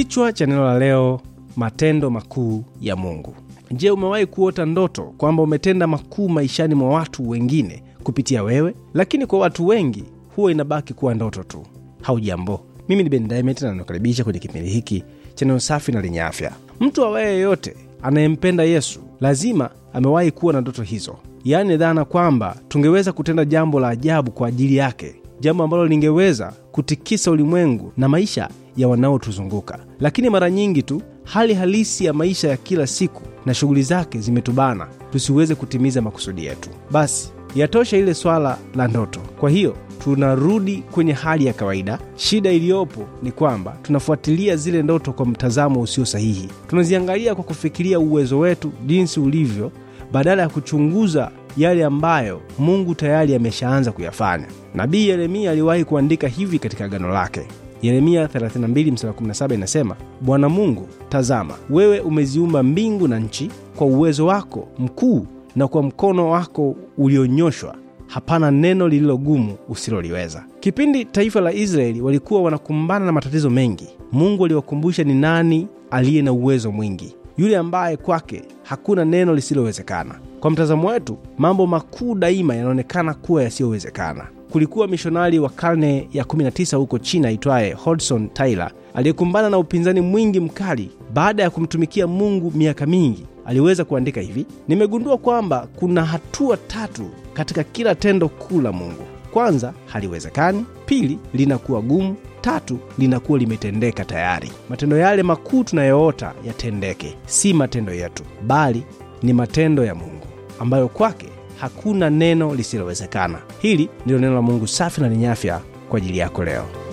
Kichwa cha neno la leo: matendo makuu ya Mungu. Je, umewahi kuota ndoto kwamba umetenda makuu maishani mwa watu wengine kupitia wewe? Lakini kwa watu wengi huwa inabaki kuwa ndoto tu. Haujambo, mimi ni bendamet na nakaribisha kwenye kipindi hiki cha neno safi na lenye afya. Mtu awaye yeyote anayempenda Yesu lazima amewahi kuwa na ndoto hizo, yaani dhana kwamba tungeweza kutenda jambo la ajabu kwa ajili yake jambo ambalo lingeweza kutikisa ulimwengu na maisha ya wanaotuzunguka. Lakini mara nyingi tu hali halisi ya maisha ya kila siku na shughuli zake zimetubana tusiweze kutimiza makusudi yetu. Basi yatosha ile swala la ndoto. Kwa hiyo tunarudi kwenye hali ya kawaida. Shida iliyopo ni kwamba tunafuatilia zile ndoto kwa mtazamo usio sahihi. Tunaziangalia kwa kufikiria uwezo wetu jinsi ulivyo, badala ya kuchunguza yale ambayo Mungu tayari ameshaanza kuyafanya. Nabii Yeremia aliwahi kuandika hivi katika agano lake. Yeremia 32 mstari 17 inasema, Bwana Mungu, tazama, wewe umeziumba mbingu na nchi kwa uwezo wako mkuu na kwa mkono wako ulionyoshwa hapana neno lililo gumu usiloliweza. Kipindi taifa la Israeli walikuwa wanakumbana na matatizo mengi, Mungu aliwakumbusha ni nani aliye na uwezo mwingi, yule ambaye kwake hakuna neno lisilowezekana. Kwa mtazamo wetu, mambo makuu daima yanaonekana kuwa yasiyowezekana. Kulikuwa mishonari wa karne ya 19 huko China aitwaye hodson tyler aliyekumbana na upinzani mwingi mkali. Baada ya kumtumikia Mungu miaka mingi, aliweza kuandika hivi: nimegundua kwamba kuna hatua tatu katika kila tendo kuu la Mungu. Kwanza, haliwezekani; pili, linakuwa gumu; tatu, linakuwa limetendeka tayari. Matendo yale makuu tunayoota yatendeke, si matendo yetu, bali ni matendo ya Mungu ambayo kwake hakuna neno lisilowezekana. Hili ndilo neno la Mungu safi na lenye afya kwa ajili yako leo.